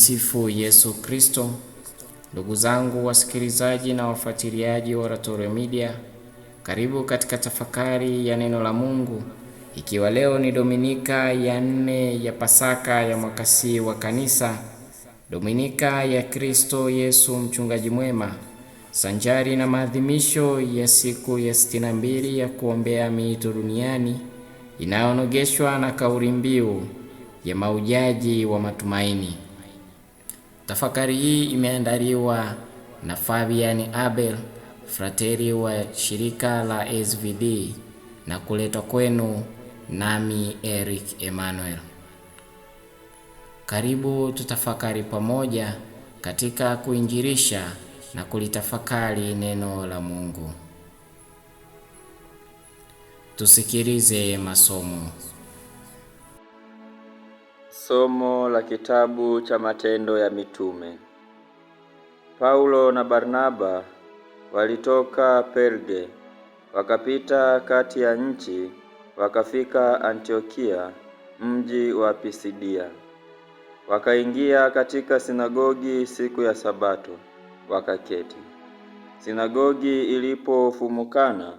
Tumsifu Yesu Kristo. Ndugu zangu wasikilizaji na wafuatiliaji wa Oratorio Media, karibu katika tafakari ya neno la Mungu, ikiwa leo ni Dominika ya nne ya Pasaka ya mwaka C wa Kanisa, Dominika ya Kristo Yesu mchungaji mwema, sanjari na maadhimisho ya siku ya 62 ya kuombea miito duniani inayonogeshwa na kauli mbiu ya maujaji wa matumaini. Tafakari hii imeandaliwa na Fabian Abel, frateri wa shirika la SVD na kuletwa kwenu nami Eric Emmanuel. Karibu tutafakari pamoja katika kuinjirisha na kulitafakari neno la Mungu. Tusikilize masomo. Somo la kitabu cha Matendo ya Mitume. Paulo na Barnaba walitoka Perge, wakapita kati ya nchi, wakafika Antiokia, mji wa Pisidia. Wakaingia katika sinagogi siku ya Sabato, wakaketi. Sinagogi ilipofumukana,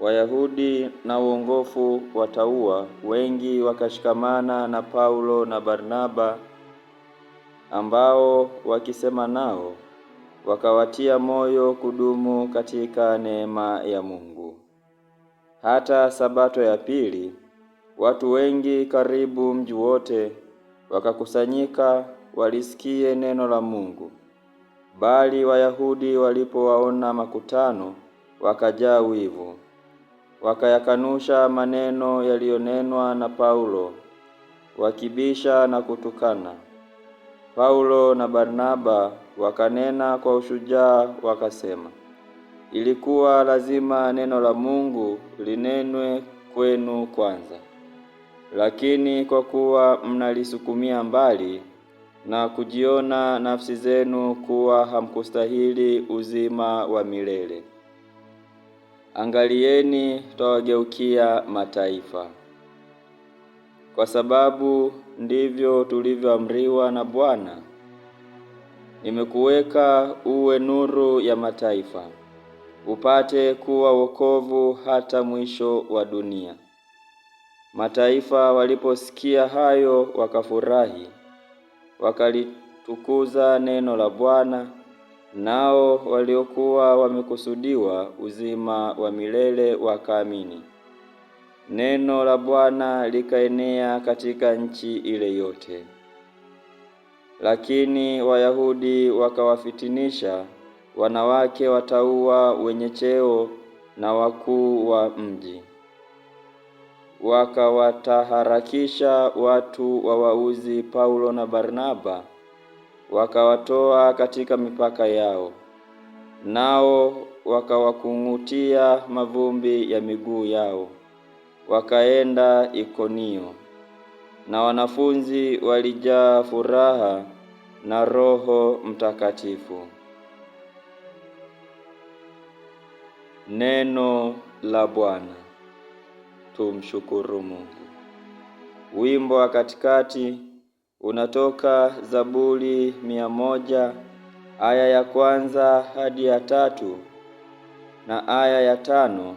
Wayahudi na uongofu wataua, wengi wakashikamana na Paulo na Barnaba, ambao wakisema nao wakawatia moyo kudumu katika neema ya Mungu. Hata sabato ya pili watu wengi karibu mji wote wakakusanyika walisikie neno la Mungu. Bali Wayahudi walipowaona makutano wakajaa wivu wakayakanusha maneno yaliyonenwa na Paulo wakibisha na kutukana. Paulo na Barnaba wakanena kwa ushujaa wakasema, ilikuwa lazima neno la Mungu linenwe kwenu kwanza, lakini kwa kuwa mnalisukumia mbali na kujiona nafsi zenu kuwa hamkustahili uzima wa milele angalieni, twawageukia mataifa, kwa sababu ndivyo tulivyoamriwa na Bwana. Nimekuweka uwe nuru ya mataifa, upate kuwa wokovu hata mwisho wa dunia. Mataifa waliposikia hayo, wakafurahi, wakalitukuza neno la Bwana nao waliokuwa wamekusudiwa uzima wa milele wakaamini. Neno la Bwana likaenea katika nchi ile yote. Lakini Wayahudi wakawafitinisha wanawake wataua wenye cheo na wakuu wa mji, wakawataharakisha watu wawauzi Paulo na Barnaba wakawatoa katika mipaka yao, nao wakawakung'utia mavumbi ya miguu yao, wakaenda Ikonio. Na wanafunzi walijaa furaha na Roho Mtakatifu. Neno la Bwana. Tumshukuru Mungu. Wimbo wa katikati unatoka Zaburi mia moja aya ya kwanza hadi ya tatu na aya ya tano.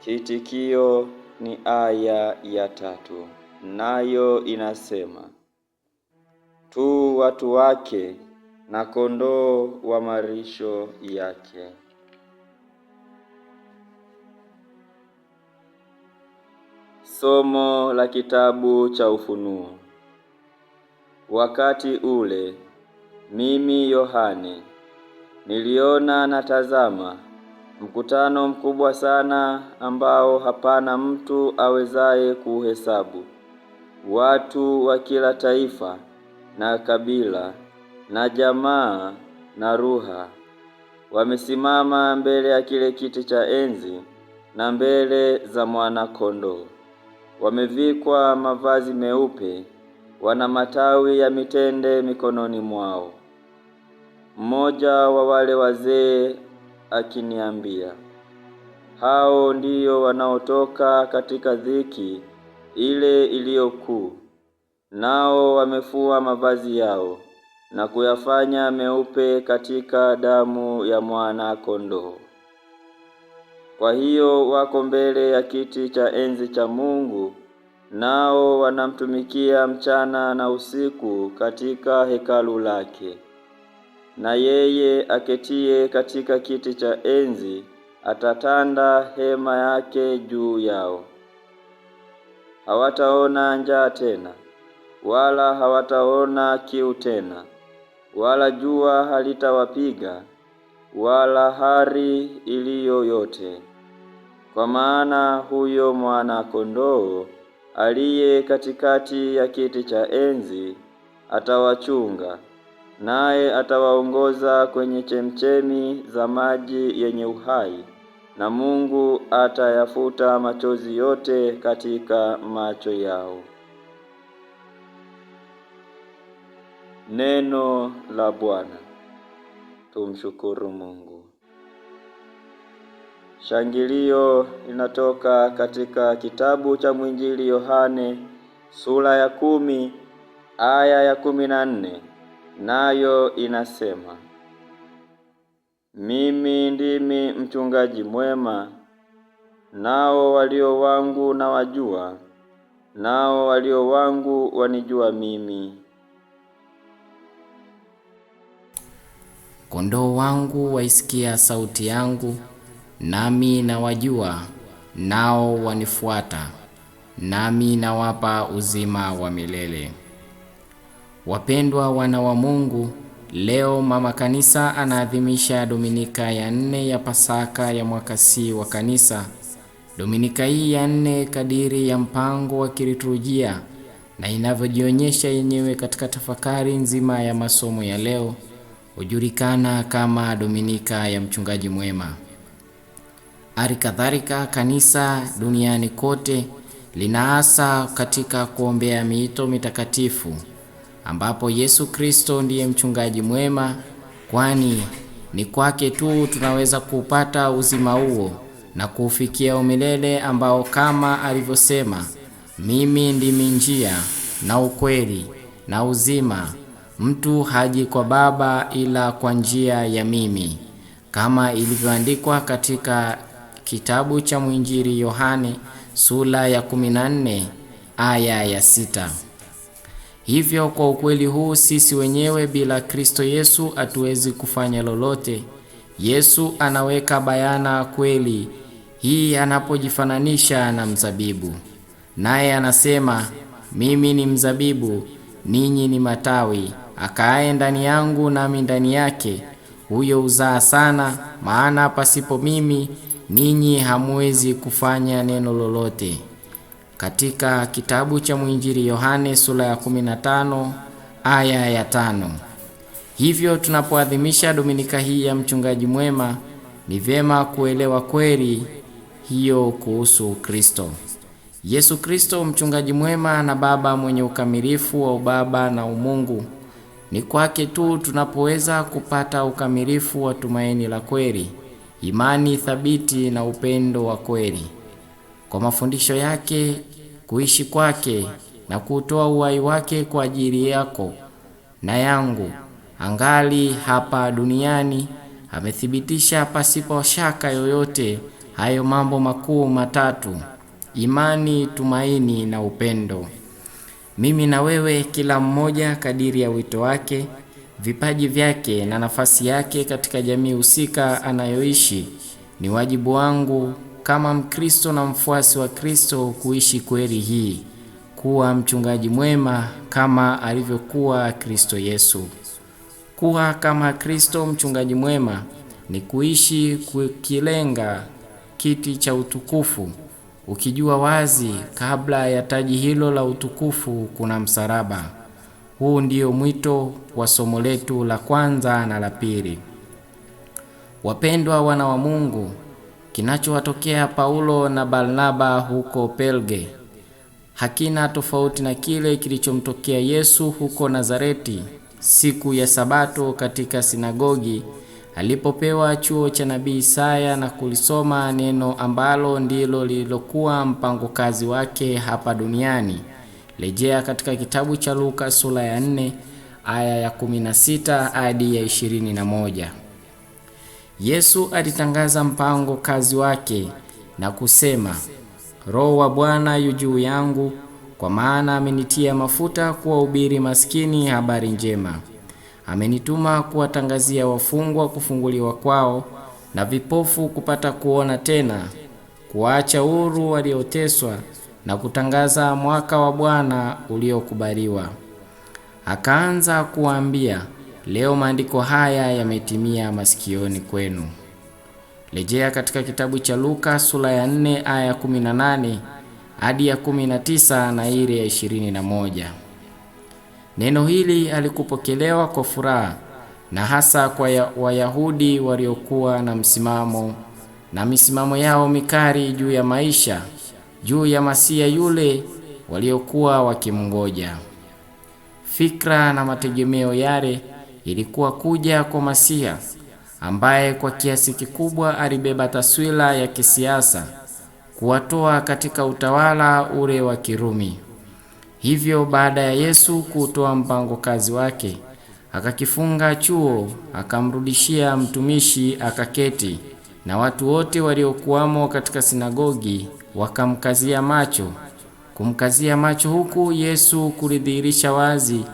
Kiitikio ni aya ya tatu, nayo inasema tu watu wake na kondoo wa marisho yake. Somo la kitabu cha Ufunuo. Wakati ule mimi Yohane niliona na tazama, mkutano mkubwa sana ambao hapana mtu awezaye kuuhesabu, watu wa kila taifa na kabila na jamaa na ruha wamesimama mbele ya kile kiti cha enzi na mbele za mwana kondoo. Wamevikwa mavazi meupe wana matawi ya mitende mikononi mwao. Mmoja wa wale wazee akiniambia, hao ndiyo wanaotoka katika dhiki ile iliyokuu, nao wamefua mavazi yao na kuyafanya meupe katika damu ya mwana kondoo. Kwa hiyo wako mbele ya kiti cha enzi cha Mungu nao wanamtumikia mchana na usiku katika hekalu lake. Na yeye aketie katika kiti cha enzi atatanda hema yake juu yao. Hawataona njaa tena, wala hawataona kiu tena, wala jua halitawapiga, wala hari iliyo yote, kwa maana huyo mwana kondoo aliye katikati ya kiti cha enzi atawachunga, naye atawaongoza kwenye chemchemi za maji yenye uhai, na Mungu atayafuta machozi yote katika macho yao. Neno la Bwana. Tumshukuru Mungu. Shangilio linatoka katika kitabu cha mwinjili Yohane sura ya kumi aya ya kumi na nne nayo inasema, mimi ndimi mchungaji mwema, nao walio wangu na wajua, nao walio wangu wanijua mimi. Kondoo wangu waisikia sauti yangu nami nawajua, nao wanifuata, nami nawapa uzima wa milele. Wapendwa wana wa Mungu, leo mama kanisa anaadhimisha Dominika ya nne ya Pasaka ya mwaka C wa kanisa. Dominika hii ya nne kadiri ya mpango wa kiliturujia na inavyojionyesha yenyewe katika tafakari nzima ya masomo ya leo hujulikana kama Dominika ya mchungaji mwema. Halikadhalika, kanisa duniani kote linaasa katika kuombea miito mitakatifu, ambapo Yesu Kristo ndiye mchungaji mwema, kwani ni kwake tu tunaweza kuupata uzima huo na kuufikia umilele ambao kama alivyosema, mimi ndimi njia na ukweli na uzima, mtu haji kwa Baba ila kwa njia ya mimi, kama ilivyoandikwa katika Kitabu cha mwinjiri Yohane sula ya 14 aya ya sita. Hivyo kwa ukweli huu sisi wenyewe bila Kristo Yesu hatuwezi kufanya lolote. Yesu anaweka bayana kweli hii anapojifananisha na mzabibu, naye anasema, mimi ni mzabibu, ninyi ni matawi. Akaaye ndani yangu nami ndani yake, huyo uzaa sana, maana pasipo mimi Ninyi hamwezi kufanya neno lolote. Katika kitabu cha mwinjili Yohane sura ya 15 aya ya tano. Hivyo tunapoadhimisha dominika hii ya mchungaji mwema, ni vyema kuelewa kweli hiyo kuhusu Kristo. Yesu Kristo mchungaji mwema na baba mwenye ukamilifu wa ubaba na umungu. Ni kwake tu tunapoweza kupata ukamilifu wa tumaini la kweli imani thabiti na upendo wa kweli. Kwa mafundisho yake, kuishi kwake na kutoa uhai wake kwa ajili yako na yangu, angali hapa duniani, amethibitisha pasipo shaka yoyote hayo mambo makuu matatu: imani, tumaini na upendo. Mimi na wewe, kila mmoja kadiri ya wito wake vipaji vyake na nafasi yake katika jamii husika anayoishi. Ni wajibu wangu kama Mkristo na mfuasi wa Kristo kuishi kweli hii, kuwa mchungaji mwema kama alivyokuwa Kristo Yesu. Kuwa kama Kristo mchungaji mwema ni kuishi kukilenga kiti cha utukufu, ukijua wazi kabla ya taji hilo la utukufu kuna msalaba. Huu ndio mwito wa somo letu la kwanza na la pili. Wapendwa wana wa Mungu, kinachowatokea Paulo na Barnaba huko Pelge hakina tofauti na kile kilichomtokea Yesu huko Nazareti siku ya Sabato katika sinagogi alipopewa chuo cha nabii Isaya na kulisoma neno ambalo ndilo lililokuwa mpango kazi wake hapa duniani. Rejea katika kitabu cha Luka sura ya 4 aya ya 16 hadi ya 21. Yesu alitangaza mpango kazi wake na kusema, Roho wa Bwana yu juu yangu, kwa maana amenitia mafuta kuwahubiri maskini habari njema. Amenituma kuwatangazia wafungwa kufunguliwa kwao na vipofu kupata kuona tena, kuwaacha huru walioteswa na kutangaza mwaka wa Bwana uliokubaliwa. Akaanza kuwaambia, leo maandiko haya yametimia masikioni kwenu. Rejea katika kitabu cha Luka sura ya 4 aya 18 hadi ya 19 na ile ya 21. Neno hili alikupokelewa kwa furaha na hasa kwa ya, Wayahudi waliokuwa na msimamo na misimamo yao mikali juu ya maisha juu ya Masia yule waliokuwa wakimngoja. Fikra na mategemeo yale ilikuwa kuja kwa Masia ambaye kwa kiasi kikubwa alibeba taswira ya kisiasa kuwatoa katika utawala ule wa Kirumi. Hivyo baada ya Yesu kutoa mpango kazi wake, akakifunga chuo, akamrudishia mtumishi akaketi, na watu wote waliokuwamo katika sinagogi wakamkazia macho. Kumkazia macho huku Yesu kulidhihirisha wazi,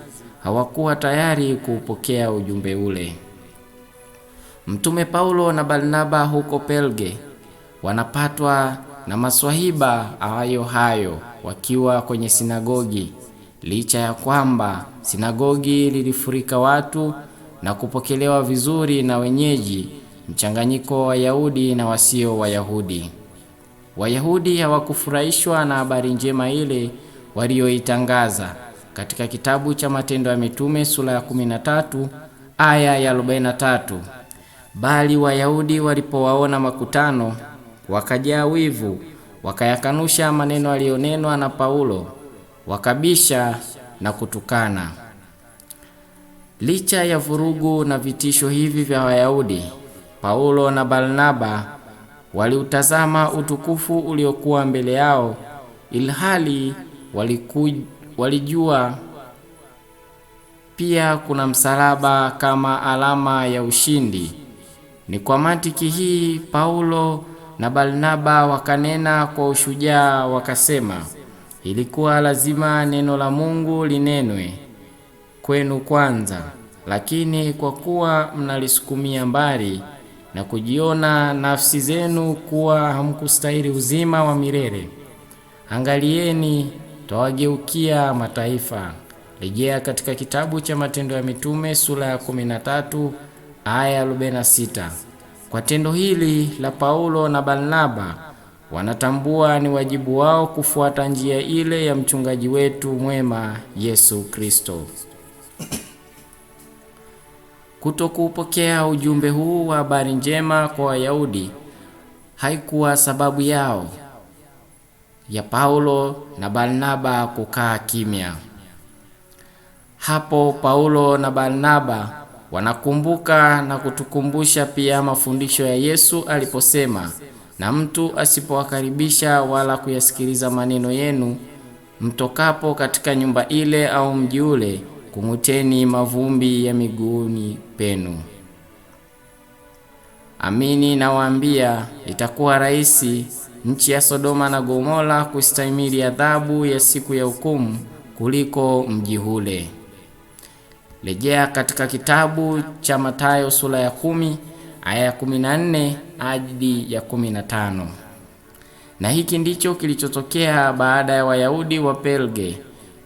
hawakuwa tayari kuupokea ujumbe ule. Mtume Paulo na Barnaba huko Pelge wanapatwa na maswahiba hayo hayo wakiwa kwenye sinagogi, licha ya kwamba sinagogi lilifurika watu na kupokelewa vizuri na wenyeji, mchanganyiko wa Wayahudi na wasio Wayahudi. Wayahudi hawakufurahishwa na habari njema ile walioitangaza. Katika kitabu cha Matendo ya Mitume sura ya 13 aya ya 43, bali Wayahudi walipowaona makutano wakajaa wivu, wakayakanusha maneno aliyonenwa na Paulo, wakabisha na kutukana. Licha ya vurugu na vitisho hivi vya Wayahudi, Paulo na Barnaba waliutazama utukufu uliokuwa mbele yao, ilhali waliku, walijua pia kuna msalaba kama alama ya ushindi. Ni kwa mantiki hii Paulo na Barnaba wakanena kwa ushujaa, wakasema, ilikuwa lazima neno la Mungu linenwe kwenu kwanza, lakini kwa kuwa mnalisukumia mbali na kujiona nafsi zenu kuwa hamkustahili uzima wa milele. Angalieni, twawageukia mataifa. Rejea katika kitabu cha Matendo ya Mitume sura ya 13 aya 46. Kwa tendo hili la Paulo na Barnaba wanatambua ni wajibu wao kufuata njia ile ya mchungaji wetu mwema Yesu Kristo. Kutokupokea ujumbe huu wa habari njema kwa Wayahudi haikuwa sababu yao ya Paulo na Barnaba kukaa kimya. Hapo Paulo na Barnaba wanakumbuka na kutukumbusha pia mafundisho ya Yesu aliposema, na mtu asipowakaribisha wala kuyasikiliza maneno yenu mtokapo katika nyumba ile au mji ule kung'uteni mavumbi ya miguuni penu. Amini nawaambia, itakuwa rahisi nchi ya Sodoma na Gomora kustahimili adhabu ya siku ya hukumu kuliko mji ule. Rejea katika kitabu cha Mathayo sura ya kumi aya ya kumi na nne hadi ya kumi na tano. Na hiki ndicho kilichotokea baada ya Wayahudi wa pelge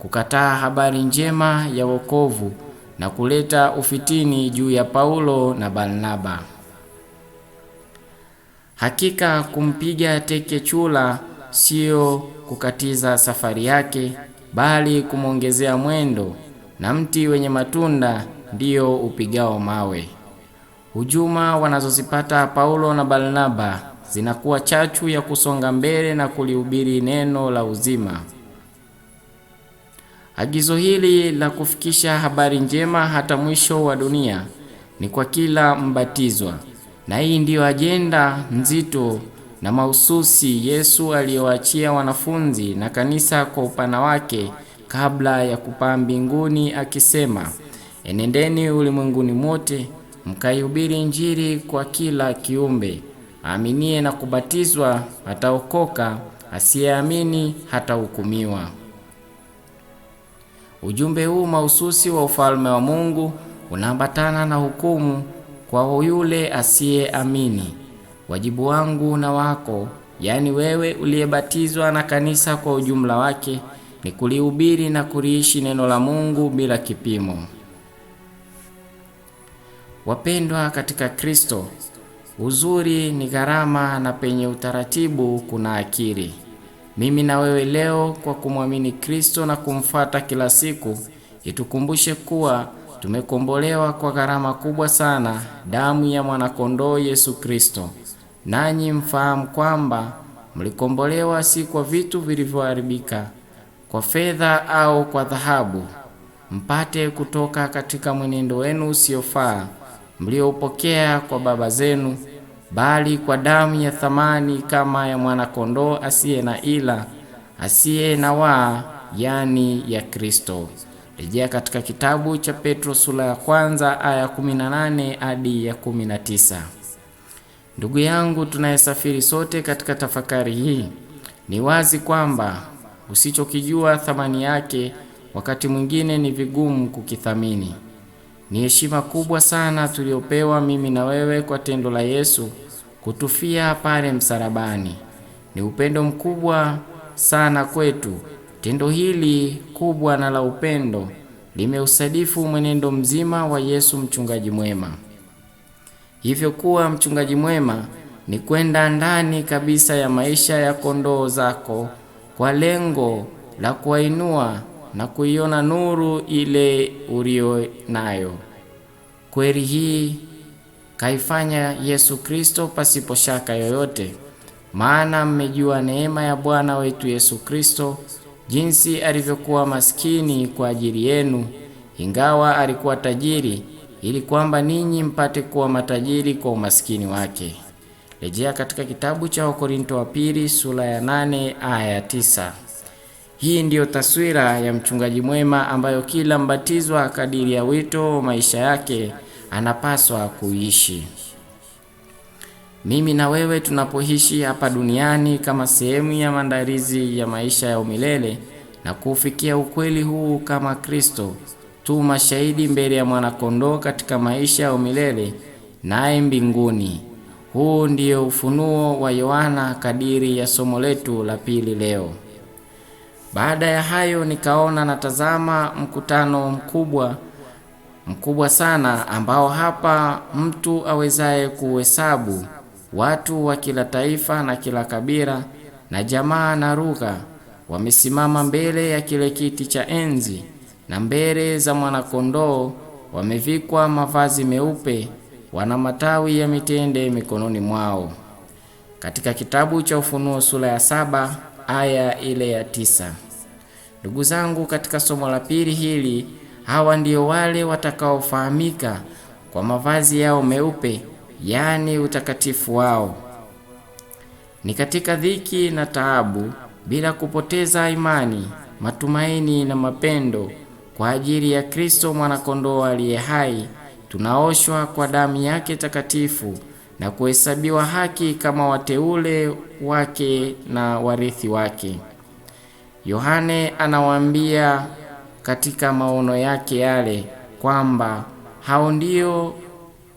kukataa habari njema ya wokovu na kuleta ufitini juu ya Paulo na Barnaba. Hakika kumpiga teke chula sio kukatiza safari yake, bali kumwongezea mwendo, na mti wenye matunda ndiyo upigao mawe. Hujuma wanazozipata Paulo na Barnaba zinakuwa chachu ya kusonga mbele na kulihubiri neno la uzima. Agizo hili la kufikisha habari njema hata mwisho wa dunia ni kwa kila mbatizwa, na hii ndiyo ajenda nzito na mahususi Yesu aliyowaachia wanafunzi na kanisa kwa upana wake kabla ya kupaa mbinguni, akisema, enendeni ulimwenguni mote mkaihubiri Injili kwa kila kiumbe. Aaminie na kubatizwa ataokoka, asiyeamini hatahukumiwa. Ujumbe huu mahususi wa ufalme wa Mungu unaambatana na hukumu kwa yule asiyeamini. Wajibu wangu na wako, yaani wewe uliyebatizwa na kanisa kwa ujumla wake, ni kulihubiri na kuliishi neno la Mungu bila kipimo. Wapendwa katika Kristo, uzuri ni gharama na penye utaratibu kuna akili. Mimi na wewe leo kwa kumwamini Kristo na kumfata kila siku, itukumbushe kuwa tumekombolewa kwa gharama kubwa sana, damu ya mwanakondoo Yesu Kristo. Nanyi mfahamu kwamba mlikombolewa si kwa vitu vilivyoharibika, kwa fedha au kwa dhahabu, mpate kutoka katika mwenendo wenu usiofaa mlioupokea kwa baba zenu bali kwa damu ya thamani kama ya mwanakondoo asiye na ila asiye na waa, yani ya Kristo. Rejea katika kitabu cha Petro sura ya kwanza aya 18 hadi ya 19. Ndugu yangu tunayesafiri sote katika tafakari hii, ni wazi kwamba usichokijua thamani yake wakati mwingine ni vigumu kukithamini. Ni heshima kubwa sana tuliyopewa mimi na wewe kwa tendo la Yesu kutufia pale msalabani. Ni upendo mkubwa sana kwetu. Tendo hili kubwa na la upendo limeusadifu mwenendo mzima wa Yesu mchungaji mwema. Hivyo kuwa mchungaji mwema ni kwenda ndani kabisa ya maisha ya kondoo zako kwa lengo la kuwainua na kuiona nuru ile uliyo nayo. Kweli hii kaifanya Yesu Kristo pasipo shaka yoyote, maana mmejua neema ya Bwana wetu Yesu Kristo, jinsi alivyokuwa maskini kwa ajili yenu, ingawa alikuwa tajiri, ili kwamba ninyi mpate kuwa matajiri kwa umaskini wake. Rejea katika kitabu cha Wakorinto wa pili sura ya nane aya ya tisa. Hii ndiyo taswira ya mchungaji mwema ambayo kila mbatizwa kadiri ya wito maisha yake anapaswa kuishi. Mimi na wewe tunapoishi hapa duniani kama sehemu ya maandalizi ya maisha ya umilele na kuufikia ukweli huu kama Kristo, tu mashahidi mbele ya mwanakondoo katika maisha ya umilele naye mbinguni. Huu ndiyo ufunuo wa Yohana kadiri ya somo letu la pili leo. Baada ya hayo nikaona natazama mkutano mkubwa mkubwa sana, ambao hapa mtu awezaye kuhesabu, watu wa kila taifa na kila kabila na jamaa na lugha, wamesimama mbele ya kile kiti cha enzi na mbele za mwanakondoo. Wamevikwa mavazi meupe, wana matawi ya mitende mikononi mwao. Katika kitabu cha Ufunuo sura ya saba aya ile ya tisa. Ndugu zangu, katika somo la pili hili, hawa ndio wale watakaofahamika kwa mavazi yao meupe, yaani utakatifu wao. Ni katika dhiki na taabu, bila kupoteza imani, matumaini na mapendo, kwa ajili ya Kristo mwanakondoo aliye hai, tunaoshwa kwa damu yake takatifu na kuhesabiwa haki kama wateule wake na warithi wake. Yohane anawaambia katika maono yake yale kwamba hao ndio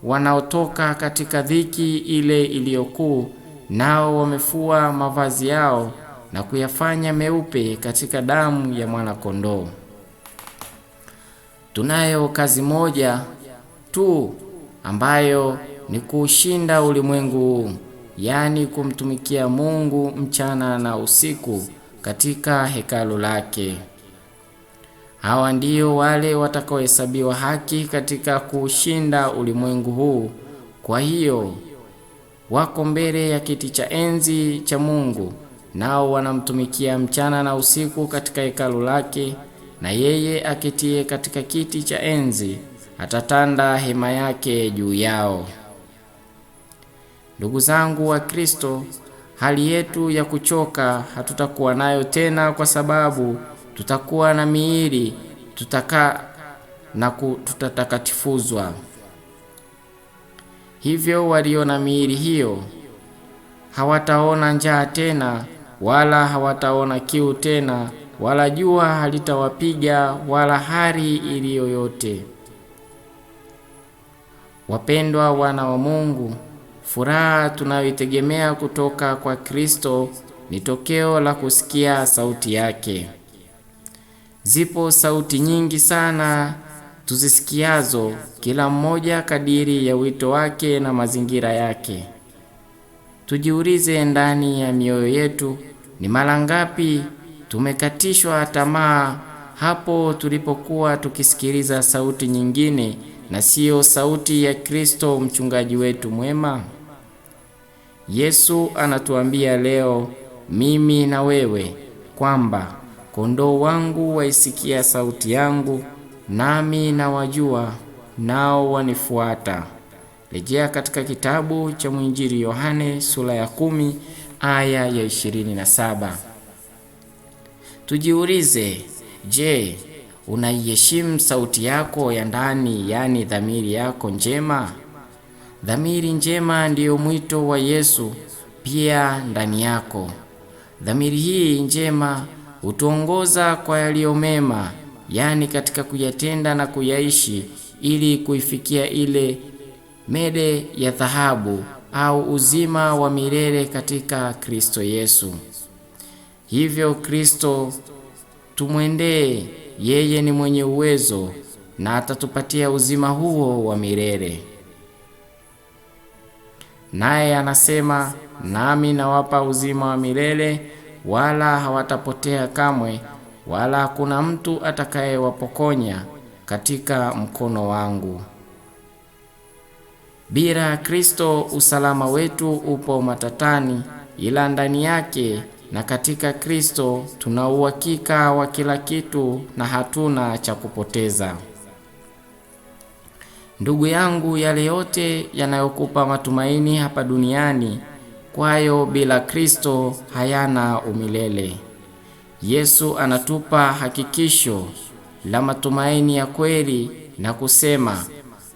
wanaotoka katika dhiki ile iliyokuu, nao wamefua mavazi yao na kuyafanya meupe katika damu ya mwanakondoo. Tunayo kazi moja tu ambayo ni kuushinda ulimwengu huu, yaani kumtumikia Mungu mchana na usiku katika hekalu lake. Hawa ndio wale watakaohesabiwa haki katika kuushinda ulimwengu huu. Kwa hiyo wako mbele ya kiti cha enzi cha Mungu, nao wanamtumikia mchana na usiku katika hekalu lake, na yeye akitie katika kiti cha enzi atatanda hema yake juu yao. Ndugu zangu wa Kristo, hali yetu ya kuchoka hatutakuwa nayo tena, kwa sababu tutakuwa na miili tutaka na tutatakatifuzwa. Hivyo walio na miili hiyo hawataona njaa tena, wala hawataona kiu tena, wala jua halitawapiga, wala hari iliyo yote. Wapendwa wana wa Mungu, Furaha tunayoitegemea kutoka kwa Kristo ni tokeo la kusikia sauti yake. Zipo sauti nyingi sana tuzisikiazo, kila mmoja kadiri ya wito wake na mazingira yake. Tujiulize ndani ya mioyo yetu, ni mara ngapi tumekatishwa tamaa hapo tulipokuwa tukisikiliza sauti nyingine na siyo sauti ya Kristo mchungaji wetu mwema? Yesu anatuambia leo, mimi na wewe, kwamba kondoo wangu waisikia sauti yangu, nami nawajua, nao wanifuata. Rejea katika kitabu cha mwinjili Yohane sura ya kumi aya ya ishirini na saba. Tujiulize, je, unaiheshimu sauti yako ya ndani, yaani dhamiri yako njema. Dhamiri njema ndiyo mwito wa Yesu pia ndani yako. Dhamiri hii njema hutuongoza kwa yaliyo mema, yaani katika kuyatenda na kuyaishi, ili kuifikia ile mede ya dhahabu au uzima wa milele katika Kristo Yesu. Hivyo Kristo tumwendee yeye ni mwenye uwezo na atatupatia uzima huo wa milele. Naye anasema, nami nawapa uzima wa milele, wala hawatapotea kamwe, wala hakuna mtu atakayewapokonya katika mkono wangu. Bila Kristo usalama wetu upo matatani, ila ndani yake na katika Kristo tuna uhakika wa kila kitu na hatuna cha kupoteza. Ndugu yangu, yale yote yanayokupa matumaini hapa duniani, kwayo bila Kristo hayana umilele. Yesu anatupa hakikisho la matumaini ya kweli na kusema,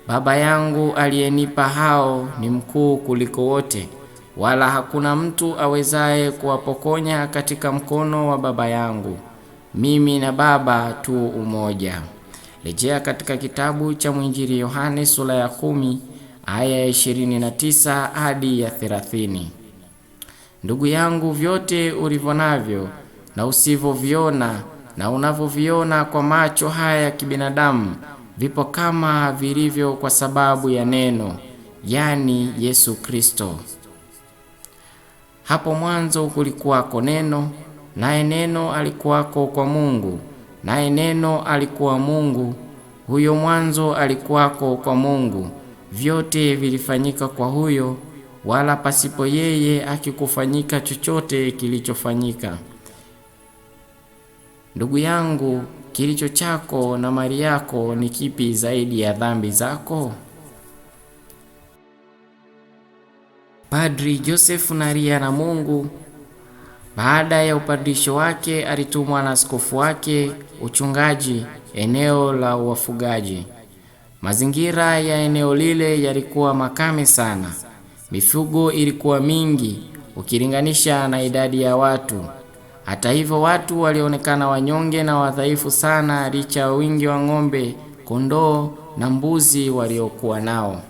Baba yangu aliyenipa hao ni mkuu kuliko wote wala hakuna mtu awezaye kuwapokonya katika mkono wa Baba yangu. Mimi na Baba tu umoja. Rejea katika kitabu cha mwinjili Yohane sura ya kumi aya ya tisa hadi ya 30. Ndugu yangu, vyote ulivyo navyo na usivyoviona na unavyoviona kwa macho haya ya kibinadamu vipo kama vilivyo kwa sababu ya neno, yani Yesu Kristo. Hapo mwanzo kulikuwako neno, naye neno alikuwako kwa Mungu, naye neno alikuwa Mungu. Huyo mwanzo alikuwako kwa Mungu. Vyote vilifanyika kwa huyo, wala pasipo yeye akikufanyika chochote kilichofanyika. Ndugu yangu, kilicho chako na mali yako ni kipi zaidi ya dhambi zako? Padri Joseph Naria na Mungu baada ya upadrisho wake alitumwa na askofu wake uchungaji eneo la wafugaji. Mazingira ya eneo lile yalikuwa makame sana, mifugo ilikuwa mingi ukilinganisha na idadi ya watu. Hata hivyo, watu walionekana wanyonge na wadhaifu sana, licha ya wingi wa ng'ombe, kondoo na mbuzi waliokuwa nao.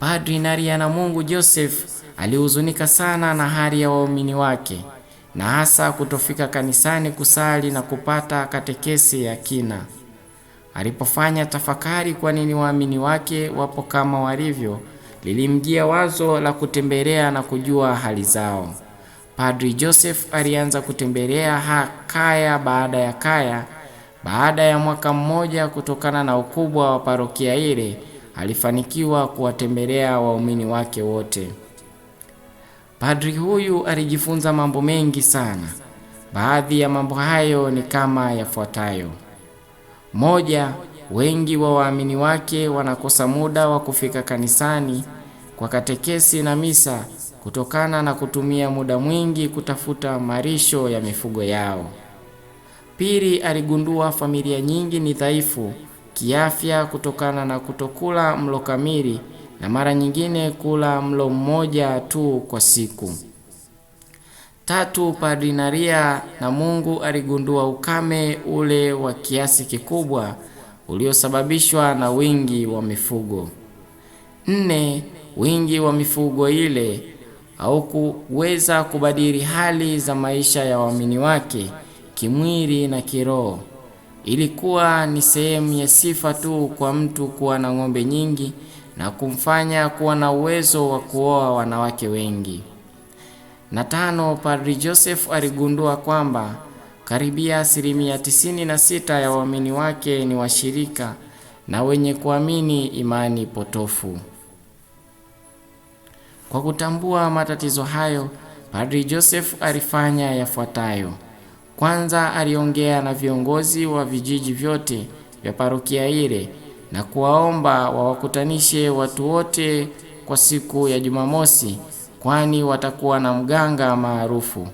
Padri mungu Joseph alihuzunika sana na hali ya waumini wake na hasa kutofika kanisani kusali na kupata katekesi ya kina. Alipofanya tafakari kwa nini waamini wake wapo kama walivyo, lilimjia wazo la kutembelea na kujua hali zao. Padri Joseph alianza kutembelea hakaya kaya baada ya kaya baada ya mwaka mmoja, kutokana na ukubwa wa parokia ile alifanikiwa kuwatembelea waumini wake wote. Padri huyu alijifunza mambo mengi sana. Baadhi ya mambo hayo ni kama yafuatayo: moja, wengi wa waamini wake wanakosa muda wa kufika kanisani kwa katekesi na misa kutokana na kutumia muda mwingi kutafuta marisho ya mifugo yao. Pili, aligundua familia nyingi ni dhaifu kiafya kutokana na kutokula mlo kamili na mara nyingine kula mlo mmoja tu kwa siku. Tatu, Padri Naria na Mungu aligundua ukame ule wa kiasi kikubwa uliosababishwa na wingi wa mifugo. Nne, wingi wa mifugo ile haukuweza kubadili hali za maisha ya waamini wake kimwili na kiroho. Ilikuwa ni sehemu ya sifa tu kwa mtu kuwa na ng'ombe nyingi na kumfanya kuwa na uwezo wa kuoa wanawake wengi. Na tano, Padri Joseph aligundua kwamba karibia asilimia tisini na sita ya waamini wake ni washirika na wenye kuamini imani potofu. Kwa kutambua matatizo hayo, Padri Joseph alifanya yafuatayo. Kwanza aliongea na viongozi wa vijiji vyote vya parokia ile na kuwaomba wawakutanishe watu wote kwa siku ya Jumamosi, kwani watakuwa na mganga maarufu.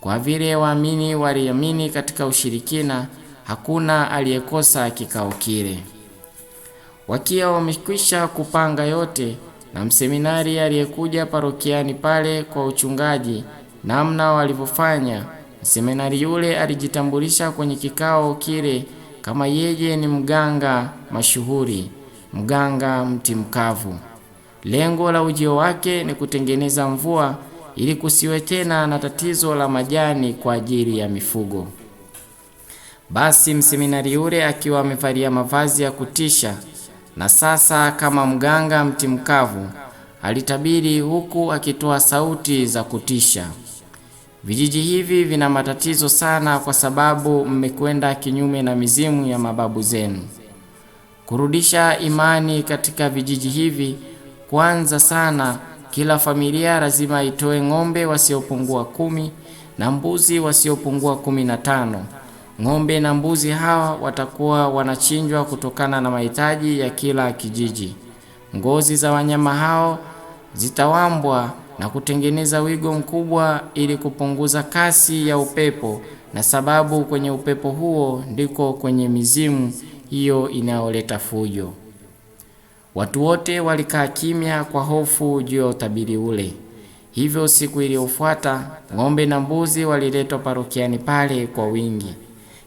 Kwa vile waamini waliamini katika ushirikina, hakuna aliyekosa kikao kile. Wakiwa wamekwisha kupanga yote, na mseminari aliyekuja parokiani pale kwa uchungaji, namna walivyofanya Seminari yule alijitambulisha kwenye kikao kile kama yeye ni mganga mashuhuri, mganga mti mkavu. Lengo la ujio wake ni kutengeneza mvua ili kusiwe tena na tatizo la majani kwa ajili ya mifugo. Basi mseminari yule akiwa amevalia mavazi ya kutisha na sasa kama mganga mti mkavu alitabiri, huku akitoa sauti za kutisha. Vijiji hivi vina matatizo sana kwa sababu mmekwenda kinyume na mizimu ya mababu zenu. Kurudisha imani katika vijiji hivi, kwanza sana, kila familia lazima itoe ng'ombe wasiopungua kumi na mbuzi wasiopungua kumi na tano. Ng'ombe na mbuzi hawa watakuwa wanachinjwa kutokana na mahitaji ya kila kijiji. Ngozi za wanyama hao zitawambwa na kutengeneza wigo mkubwa ili kupunguza kasi ya upepo, na sababu kwenye upepo huo ndiko kwenye mizimu hiyo inayoleta fujo. Watu wote walikaa kimya kwa hofu juu ya utabiri ule. Hivyo siku iliyofuata ng'ombe na mbuzi waliletwa parokiani pale kwa wingi.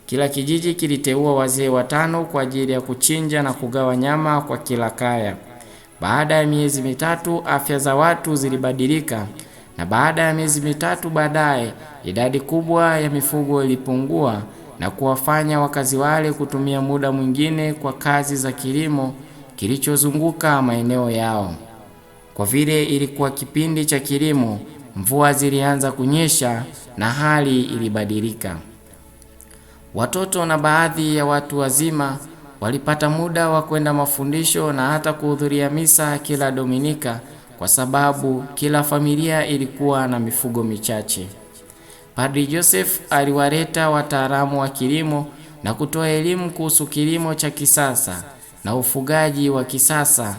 Kila kijiji kiliteua wazee watano kwa ajili ya kuchinja na kugawa nyama kwa kila kaya. Baada ya miezi mitatu afya za watu zilibadilika, na baada ya miezi mitatu baadaye idadi kubwa ya mifugo ilipungua na kuwafanya wakazi wale kutumia muda mwingine kwa kazi za kilimo kilichozunguka maeneo yao. Kwa vile ilikuwa kipindi cha kilimo, mvua zilianza kunyesha na hali ilibadilika. Watoto na baadhi ya watu wazima walipata muda wa kwenda mafundisho na hata kuhudhuria misa kila Dominika kwa sababu kila familia ilikuwa na mifugo michache. Padri Joseph aliwaleta wataalamu wa kilimo na kutoa elimu kuhusu kilimo cha kisasa na ufugaji wa kisasa.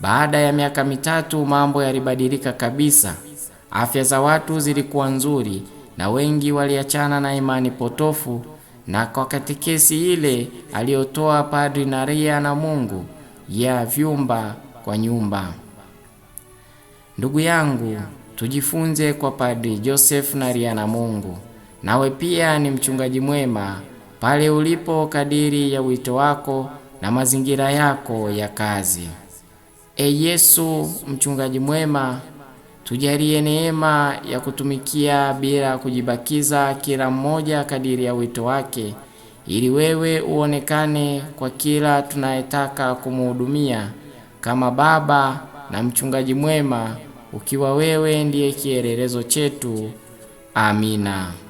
Baada ya miaka mitatu, mambo yalibadilika kabisa. Afya za watu zilikuwa nzuri na wengi waliachana na imani potofu na kwa katekesi ile aliyotoa Padri Naria na Mungu ya vyumba kwa nyumba. Ndugu yangu, tujifunze kwa Padri Joseph Naria na Mungu. Nawe pia ni mchungaji mwema pale ulipo, kadiri ya wito wako na mazingira yako ya kazi. E Yesu mchungaji mwema Tujalie neema ya kutumikia bila kujibakiza, kila mmoja kadiri ya wito wake, ili wewe uonekane kwa kila tunayetaka kumuhudumia, kama baba na mchungaji mwema, ukiwa wewe ndiye kielelezo chetu. Amina.